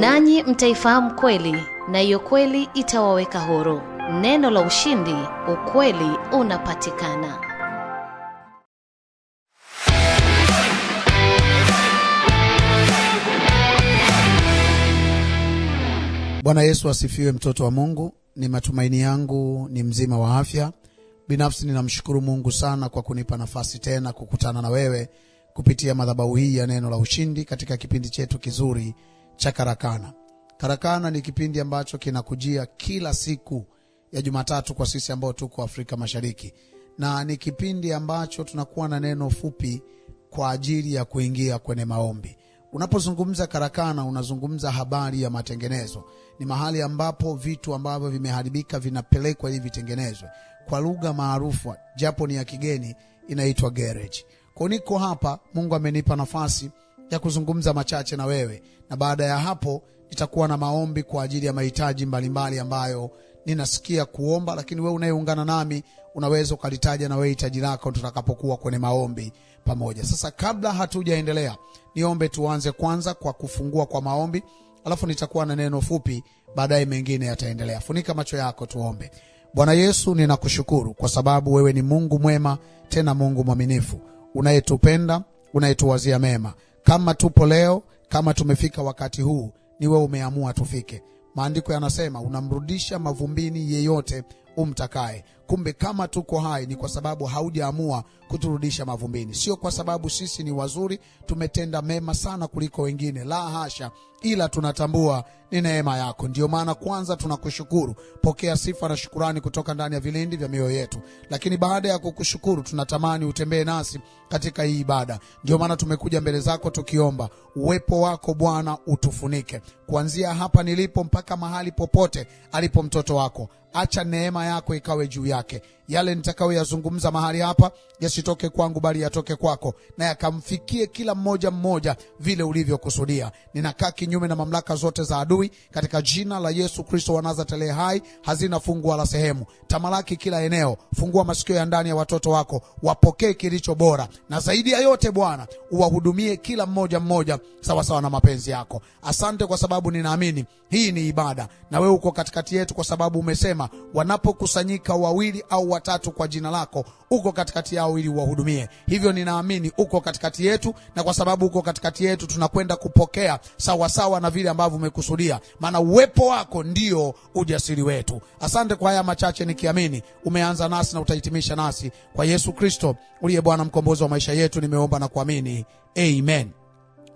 Nanyi mtaifahamu kweli na hiyo kweli itawaweka huru. Neno la ushindi, ukweli unapatikana. Bwana Yesu asifiwe, mtoto wa Mungu. Ni matumaini yangu ni mzima wa afya. Binafsi ninamshukuru Mungu sana kwa kunipa nafasi tena kukutana na wewe kupitia madhabahu hii ya Neno la Ushindi katika kipindi chetu kizuri cha Karakana. Karakana ni kipindi ambacho kinakujia kila siku ya Jumatatu kwa sisi ambao tuko Afrika Mashariki, na ni kipindi ambacho tunakuwa na neno fupi kwa ajili ya kuingia kwenye maombi. Unapozungumza karakana, unazungumza habari ya matengenezo. Ni mahali ambapo vitu ambavyo vimeharibika vinapelekwa ili vitengenezwe kwa lugha maarufu japo ni ya kigeni inaitwa garage. Kwa niko hapa, Mungu amenipa nafasi ya kuzungumza machache na wewe, na baada ya hapo nitakuwa na maombi kwa ajili ya mahitaji mbalimbali ambayo ninasikia kuomba, lakini wewe unayeungana nami unaweza ukalitaja na wewe hitaji lako tutakapokuwa kwenye maombi pamoja. Sasa kabla hatujaendelea, niombe tuanze kwanza kwa kufungua kwa maombi, alafu nitakuwa na neno fupi, baadaye mengine yataendelea. Funika macho yako tuombe. Bwana Yesu, ninakushukuru kwa sababu wewe ni Mungu mwema, tena Mungu mwaminifu, unayetupenda, unayetuwazia mema. Kama tupo leo, kama tumefika wakati huu, ni wewe umeamua tufike. Maandiko yanasema unamrudisha mavumbini yeyote umtakaye. Kumbe kama tuko hai ni kwa sababu haujaamua kuturudisha mavumbini, sio kwa sababu sisi ni wazuri, tumetenda mema sana kuliko wengine, la hasha, ila tunatambua ni neema yako. Ndiyo maana kwanza tunakushukuru. Pokea sifa na shukurani kutoka ndani ya vilindi vya mioyo yetu, lakini baada ya kukushukuru, tunatamani utembee nasi katika hii ibada. Ndio maana tumekuja mbele zako tukiomba uwepo wako Bwana utufunike kuanzia hapa nilipo mpaka mahali popote alipo mtoto wako. Acha neema yako ikawe juu yake yale nitakayoyazungumza mahali hapa yasitoke kwangu, bali yatoke kwako, na yakamfikie kila mmoja mmoja vile ulivyokusudia. Ninakaa kinyume na mamlaka zote za adui katika jina la Yesu Kristo wa Nazareti aliye hai, hazina fungu wala sehemu. Tamalaki kila eneo, fungua masikio ya ndani ya watoto wako, wapokee kilicho bora, na zaidi ya yote Bwana uwahudumie kila mmoja mmoja sawasawa na mapenzi yako. Asante kwa sababu ninaamini hii ni ibada, na wewe uko katikati yetu, kwa sababu umesema wanapokusanyika wawili au watatu kwa jina lako, uko katikati yao ili uwahudumie. Hivyo ninaamini uko katikati yetu, na kwa sababu uko katikati yetu, tunakwenda kupokea sawasawa sawa na vile ambavyo umekusudia, maana uwepo wako ndio ujasiri wetu. Asante kwa haya machache, nikiamini umeanza nasi na utahitimisha nasi, kwa Yesu Kristo uliye Bwana mkombozi wa maisha yetu, nimeomba na kuamini, amen.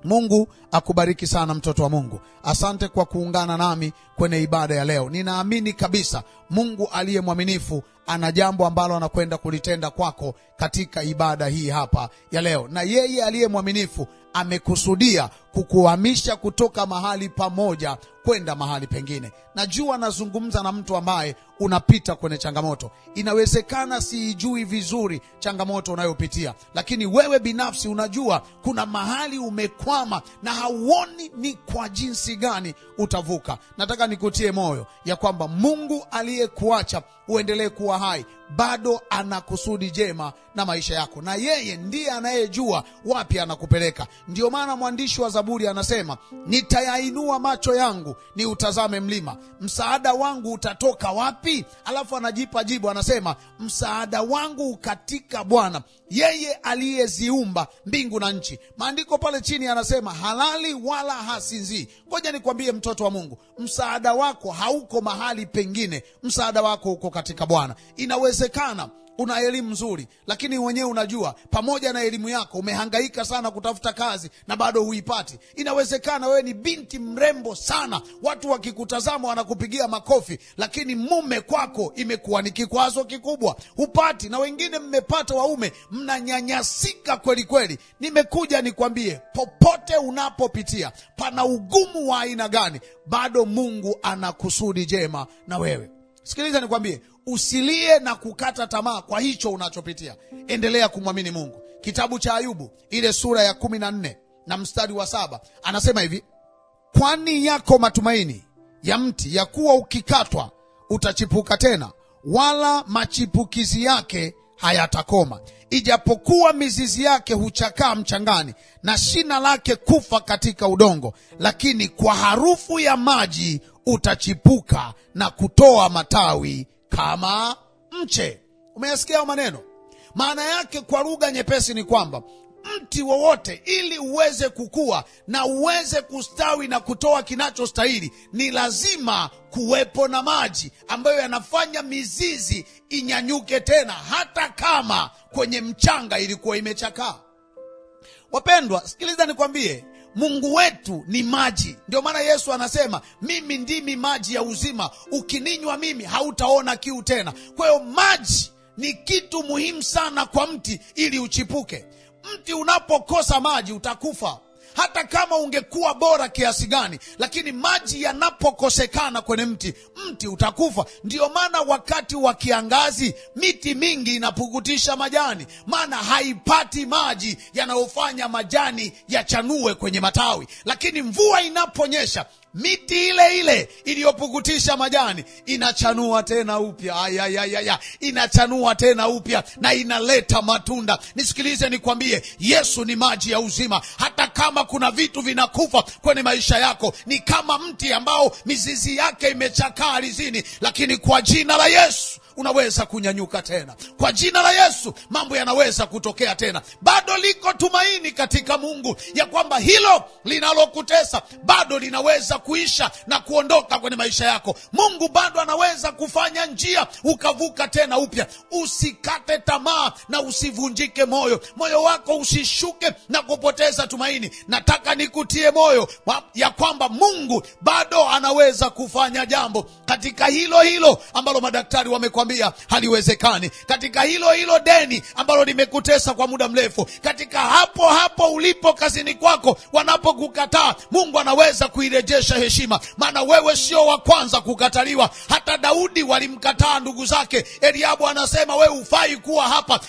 Mungu akubariki sana mtoto wa Mungu. Asante kwa kuungana nami kwenye ibada ya leo. Ninaamini kabisa Mungu aliye mwaminifu ana jambo ambalo anakwenda kulitenda kwako katika ibada hii hapa ya leo. Na yeye aliye mwaminifu amekusudia kukuhamisha kutoka mahali pamoja kwenda mahali pengine. Najua nazungumza na mtu ambaye unapita kwenye changamoto. Inawezekana siijui vizuri changamoto unayopitia, lakini wewe binafsi unajua kuna mahali umekwama na hauoni ni kwa jinsi gani utavuka. Nataka nikutie moyo ya kwamba Mungu aliyekuacha uendelee kuwa hai, bado ana kusudi jema na maisha yako, na yeye ndiye anayejua wapi anakupeleka. Ndio maana mwandishi wa Zaburi anasema, nitayainua macho yangu ni utazame mlima, msaada wangu utatoka wapi? Alafu anajipa jibu, anasema, msaada wangu katika Bwana, yeye aliyeziumba mbingu na nchi. Maandiko pale chini anasema halali wala hasinzii. Ngoja nikwambie mtoto wa Mungu, msaada wako hauko mahali pengine, msaada wako uko katika Bwana. Inawezekana una elimu nzuri, lakini wenyewe unajua, pamoja na elimu yako umehangaika sana kutafuta kazi na bado huipati. Inawezekana wewe ni binti mrembo sana, watu wakikutazama wanakupigia makofi, lakini mume kwako imekuwa ni kikwazo kikubwa, hupati. Na wengine mmepata waume, mnanyanyasika kweli kweli. Nimekuja nikwambie, popote unapopitia, pana ugumu wa aina gani, bado Mungu ana kusudi jema na wewe. Sikiliza nikwambie, usilie na kukata tamaa kwa hicho unachopitia. Endelea kumwamini Mungu. Kitabu cha Ayubu ile sura ya kumi na nne na mstari wa saba anasema hivi, kwani yako matumaini ya mti ya kuwa ukikatwa utachipuka tena, wala machipukizi yake hayatakoma, ijapokuwa mizizi yake huchakaa mchangani na shina lake kufa katika udongo, lakini kwa harufu ya maji utachipuka na kutoa matawi kama mche. Umeyasikia hayo maneno? Maana yake kwa lugha nyepesi ni kwamba mti wowote ili uweze kukua na uweze kustawi na kutoa kinachostahili ni lazima kuwepo na maji ambayo yanafanya mizizi inyanyuke tena, hata kama kwenye mchanga ilikuwa imechakaa. Wapendwa, sikiliza nikwambie, Mungu wetu ni maji. Ndio maana Yesu anasema mimi ndimi maji ya uzima, ukininywa mimi hautaona kiu tena. Kwa hiyo maji ni kitu muhimu sana kwa mti ili uchipuke. Mti unapokosa maji utakufa hata kama ungekuwa bora kiasi gani, lakini maji yanapokosekana kwenye mti, mti utakufa. Ndiyo maana wakati wa kiangazi miti mingi inapukutisha majani, maana haipati maji yanayofanya majani yachanue kwenye matawi, lakini mvua inaponyesha miti ile ile iliyopukutisha majani inachanua tena upya, ayayayaya, inachanua tena upya na inaleta matunda. Nisikilize nikwambie, Yesu ni maji ya uzima. Hata kama kuna vitu vinakufa kwenye maisha yako, ni kama mti ambao mizizi yake imechakaa ardhini, lakini kwa jina la Yesu unaweza kunyanyuka tena. Kwa jina la Yesu mambo yanaweza kutokea tena. Bado liko tumaini katika Mungu ya kwamba hilo linalokutesa bado linaweza kuisha na kuondoka kwenye maisha yako. Mungu bado anaweza kufanya njia ukavuka tena upya. Usikate tamaa na usivunjike moyo, moyo wako usishuke na kupoteza tumaini. Nataka nikutie moyo ya kwamba Mungu bado anaweza kufanya jambo katika hilo hilo ambalo madaktari wamekwa anakwambia haliwezekani. Katika hilo hilo deni ambalo limekutesa kwa muda mrefu, katika hapo hapo ulipo kazini kwako, wanapokukataa Mungu anaweza kuirejesha heshima, maana wewe sio wa kwanza kukataliwa. Hata Daudi walimkataa ndugu zake. Eliabu anasema wewe hufai kuwa hapa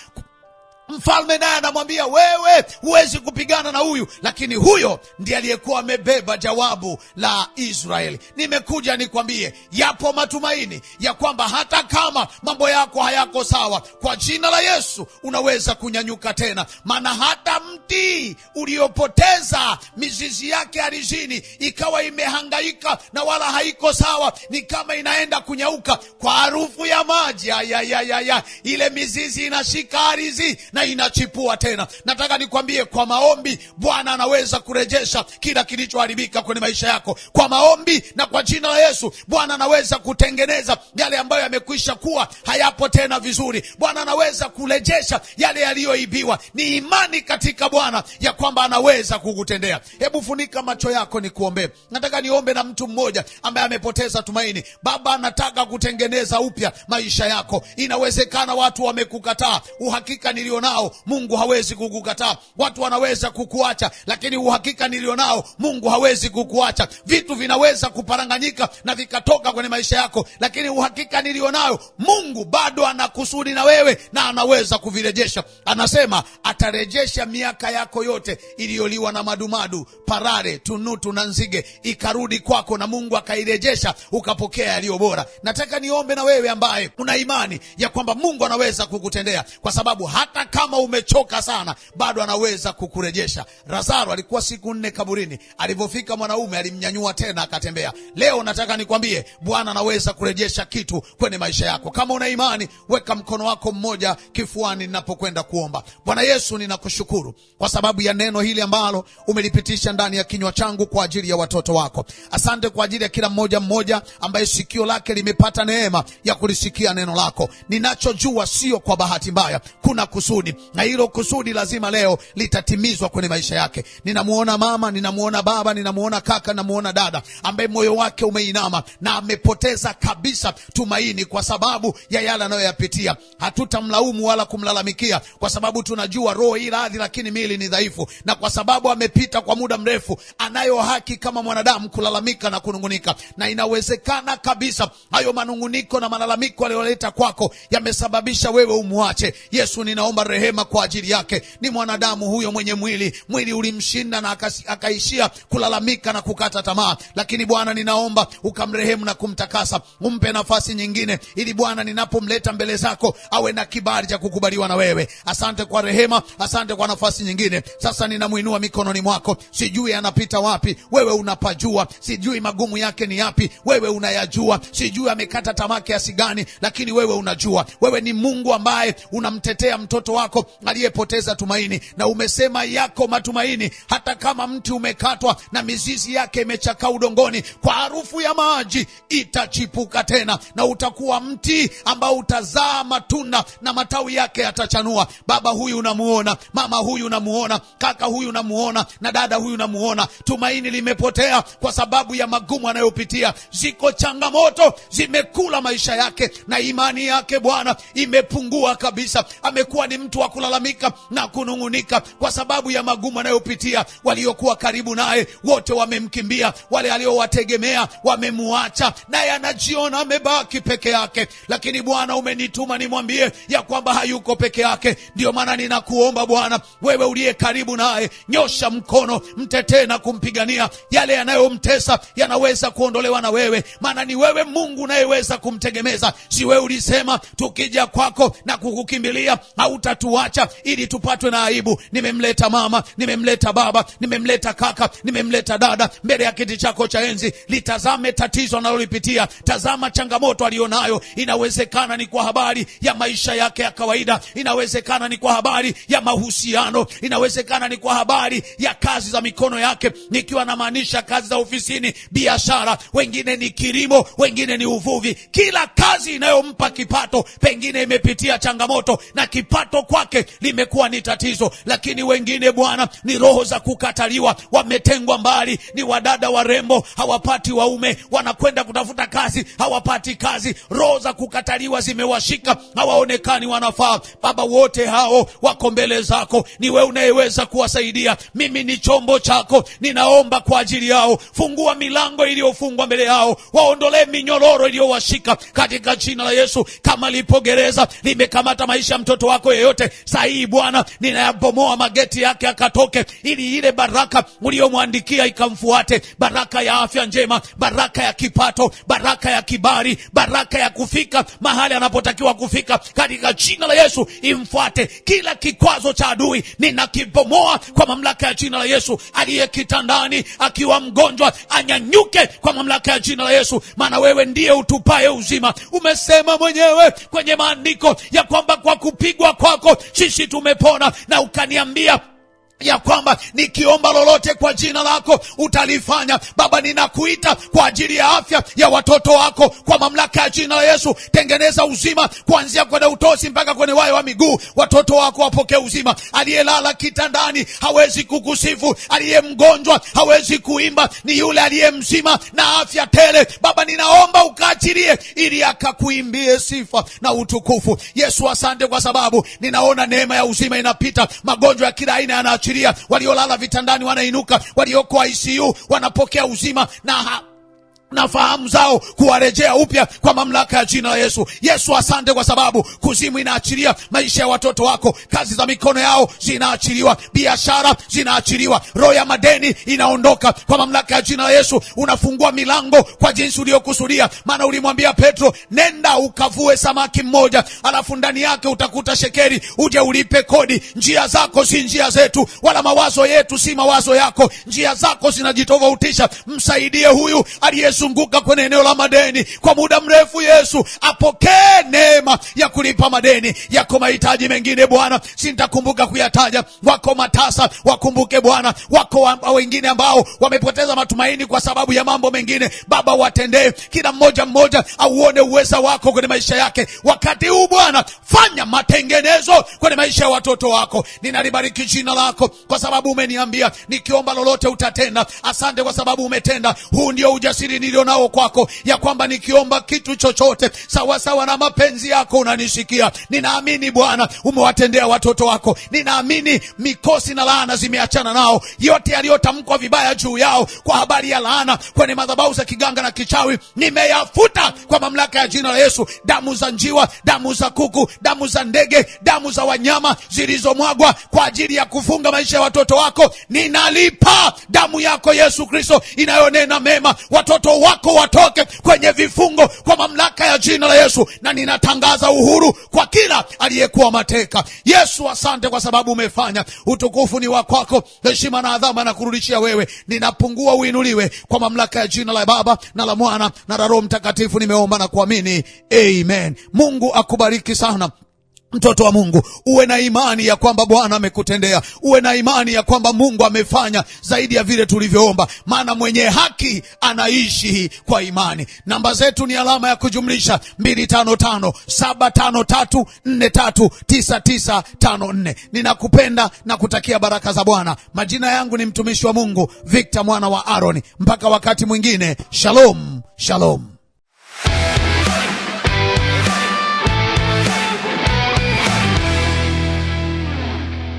Mfalme naye anamwambia wewe, huwezi kupigana na huyu, lakini huyo ndiye aliyekuwa amebeba jawabu la Israeli. Nimekuja nikwambie, yapo matumaini ya kwamba hata kama mambo yako hayako sawa, kwa jina la Yesu unaweza kunyanyuka tena, maana hata mti uliopoteza mizizi yake arizini ikawa imehangaika na wala haiko sawa, ni kama inaenda kunyauka kwa harufu ya maji, ayayayaya, ile mizizi inashika arizi na inachipua tena. Nataka nikwambie, kwa maombi Bwana anaweza kurejesha kila kilichoharibika kwenye maisha yako. Kwa maombi na kwa jina la Yesu, Bwana anaweza kutengeneza yale ambayo yamekwisha kuwa hayapo tena vizuri. Bwana anaweza kurejesha yale yaliyoibiwa. Ni imani katika Bwana ya kwamba anaweza kukutendea. Hebu funika macho yako nikuombee. Nataka niombe na mtu mmoja ambaye amepoteza tumaini. Baba, anataka kutengeneza upya maisha yako. Inawezekana watu wamekukataa, uhakika nilio nao Mungu hawezi kukukataa. Watu wanaweza kukuacha, lakini uhakika nilio nao Mungu hawezi kukuacha. Vitu vinaweza kuparanganyika na vikatoka kwenye maisha yako, lakini uhakika nilio Mungu bado ana kusudi na wewe na anaweza kuvirejesha. Anasema atarejesha miaka yako yote iliyoliwa na madumadu, parare, tunutu na nzige, ikarudi kwako na Mungu akairejesha, ukapokea yaliyo bora. Nataka niombe na wewe ambaye una imani ya kwamba Mungu anaweza kukutendea, kwa sababu hata kama umechoka sana, bado anaweza kukurejesha. Lazaro alikuwa siku nne kaburini, alivyofika mwanaume alimnyanyua tena akatembea. Leo nataka nikwambie, Bwana anaweza kurejesha kitu kwenye maisha yako. Kama una imani, weka mkono wako mmoja kifuani ninapokwenda kuomba. Bwana Yesu, ninakushukuru kwa sababu ya neno hili ambalo umelipitisha ndani ya kinywa changu kwa ajili ya watoto wako. Asante kwa ajili ya kila mmoja mmoja ambaye sikio lake limepata neema ya kulisikia neno lako. Ninachojua sio kwa bahati mbaya, kuna kusudi kusudi, na hilo kusudi lazima leo litatimizwa kwenye maisha yake. ninamuona mama, ninamuona baba, ninamuona kaka, namuona dada ambaye moyo wake umeinama na amepoteza kabisa tumaini kwa sababu ya yale anayoyapitia. Hatutamlaumu wala kumlalamikia, kwa sababu tunajua roho hii radhi, lakini mili ni dhaifu, na kwa sababu amepita kwa muda mrefu, anayo haki kama mwanadamu kulalamika na kunungunika, na inawezekana kabisa hayo manunguniko na malalamiko aliyoleta kwako yamesababisha wewe umwache Yesu. Ninaomba rehema kwa ajili yake. Ni mwanadamu huyo mwenye mwili, mwili ulimshinda na akaishia kulalamika na kukata tamaa, lakini Bwana, ninaomba ukamrehemu na kumtakasa, umpe nafasi nyingine, ili Bwana, ninapomleta mbele zako awe na kibali cha kukubaliwa na wewe. Asante kwa rehema, asante kwa nafasi nyingine. Sasa ninamwinua mikononi mwako, sijui anapita wapi, wewe unapajua, sijui magumu yake ni yapi, wewe unayajua, sijui amekata tamaa kiasi gani, lakini wewe unajua. Wewe ni Mungu ambaye unamtetea mtoto wako wako aliyepoteza tumaini, na umesema yako matumaini, hata kama mti umekatwa na mizizi yake imechakaa udongoni, kwa harufu ya maji itachipuka tena, na utakuwa mti ambao utazaa matunda na matawi yake yatachanua. Baba huyu unamuona, mama huyu unamuona, kaka huyu unamuona, na dada huyu unamuona. Tumaini limepotea kwa sababu ya magumu anayopitia. Ziko changamoto zimekula maisha yake, na imani yake Bwana imepungua kabisa. Amekuwa ni mtu mtu wa kulalamika na kunung'unika kwa sababu ya magumu anayopitia. Waliokuwa karibu naye wote wamemkimbia, wale aliowategemea wamemuacha, naye anajiona amebaki peke yake. Lakini Bwana, umenituma nimwambie ya kwamba hayuko peke yake. ndio maana ninakuomba Bwana, wewe uliye karibu naye, nyosha mkono, mtetee na kumpigania. Yale yanayomtesa yanaweza kuondolewa na wewe, maana ni wewe Mungu unayeweza kumtegemeza. Si wewe ulisema tukija kwako na kukukimbilia hauta atatuacha ili tupatwe na aibu. Nimemleta mama, nimemleta baba, nimemleta kaka, nimemleta dada mbele ya kiti chako cha enzi. Litazame tatizo analolipitia, tazama changamoto aliyonayo. Inawezekana ni kwa habari ya maisha yake ya kawaida, inawezekana ni kwa habari ya mahusiano, inawezekana ni kwa habari ya kazi za mikono yake, nikiwa namaanisha kazi za ofisini, biashara, wengine ni kilimo, wengine ni uvuvi. Kila kazi inayompa kipato pengine imepitia changamoto na kipato kwake limekuwa ni tatizo, lakini wengine Bwana ni roho za kukataliwa, wametengwa mbali, ni wadada warembo hawapati waume, wanakwenda kutafuta kazi hawapati kazi, roho za kukataliwa zimewashika, hawaonekani wanafaa. Baba, wote hao wako mbele zako, ni wewe unayeweza kuwasaidia. Mimi ni chombo chako, ninaomba kwa ajili yao, fungua milango iliyofungwa mbele yao, waondolee minyororo iliyowashika katika jina la Yesu. Kama lipo gereza limekamata maisha ya mtoto wako yeyote yote. Sahii Bwana, ninayabomoa mageti yake akatoke, ili ile baraka uliyomwandikia ikamfuate, baraka ya afya njema, baraka ya kipato, baraka ya kibali, baraka ya kufika mahali anapotakiwa kufika, katika jina la Yesu imfuate. Kila kikwazo cha adui ninakibomoa kwa mamlaka ya jina la Yesu. Aliye kitandani akiwa mgonjwa anyanyuke kwa mamlaka ya jina la Yesu, maana wewe ndiye utupaye uzima. Umesema mwenyewe kwenye maandiko ya kwamba kwa kupigwa kwako wako, sisi tumepona, na ukaniambia ya kwamba nikiomba lolote kwa jina lako utalifanya. Baba, ninakuita kwa ajili ya afya ya watoto wako kwa mamlaka ya jina la Yesu. Tengeneza uzima kuanzia kwenye utosi mpaka kwenye wayo wa miguu. Watoto wako wapokee uzima. Aliyelala kitandani hawezi kukusifu, aliye mgonjwa hawezi kuimba, ni yule aliye mzima na afya tele. Baba, ninaomba ukaachilie ili akakuimbie sifa na utukufu. Yesu, asante kwa sababu ninaona neema ya uzima inapita magonjwa ya kila aina yana tunawaachilia. Waliolala vitandani wanainuka, walioko ICU wanapokea uzima na ha na fahamu zao kuwarejea upya kwa mamlaka ya jina la Yesu. Yesu, asante kwa sababu kuzimu inaachilia maisha ya watoto wako, kazi za mikono yao zinaachiliwa, biashara zinaachiliwa, roho ya madeni inaondoka kwa mamlaka ya jina la Yesu. Unafungua milango kwa jinsi uliyokusudia, maana ulimwambia Petro, nenda ukavue samaki mmoja, alafu ndani yake utakuta shekeri, uje ulipe kodi. Njia zako si njia zetu, wala mawazo yetu si mawazo yako, njia zako zinajitofautisha. Msaidie huyu aliyezu amezunguka kwenye eneo la madeni kwa muda mrefu. Yesu apokee neema ya kulipa madeni yako, mahitaji mengine Bwana sintakumbuka kuyataja. Wako matasa wakumbuke Bwana, wako wengine ambao wamepoteza matumaini kwa sababu ya mambo mengine. Baba, watendee kila mmoja mmoja, auone uweza wako kwenye maisha yake. Wakati huu Bwana, fanya matengenezo kwenye maisha ya watoto wako. Ninalibariki jina lako kwa sababu umeniambia nikiomba lolote utatenda. Asante kwa sababu umetenda. Huu ndio ujasiri nilionao kwako, ya kwamba nikiomba kitu chochote sawasawa sawa na mapenzi yako unanisikia. Ninaamini Bwana umewatendea watoto wako, ninaamini mikosi na laana zimeachana nao. Yote yaliyotamkwa vibaya juu yao kwa habari ya laana kwenye madhabahu za kiganga na kichawi, nimeyafuta kwa mamlaka ya jina la Yesu. Damu za njiwa, damu za kuku, damu za ndege, damu za wanyama zilizomwagwa kwa ajili ya kufunga maisha ya watoto wako, ninalipa damu yako Yesu Kristo inayonena mema watoto wako watoke kwenye vifungo kwa mamlaka ya jina la Yesu, na ninatangaza uhuru kwa kila aliyekuwa mateka. Yesu, asante kwa sababu umefanya. Utukufu ni wa kwako, heshima na adhama na kurudishia wewe. Ninapungua, uinuliwe kwa mamlaka ya jina la Baba na la Mwana na la Roho Mtakatifu. Nimeomba na kuamini, amen. Mungu akubariki sana. Mtoto wa Mungu uwe na imani ya kwamba Bwana amekutendea, uwe na imani ya kwamba Mungu amefanya zaidi ya vile tulivyoomba, maana mwenye haki anaishi kwa imani. Namba zetu ni alama ya kujumlisha 255 Ninakupenda na kutakia baraka za Bwana. Majina yangu ni mtumishi wa Mungu Victor mwana wa Aaron. Mpaka wakati mwingine, shalom shalom.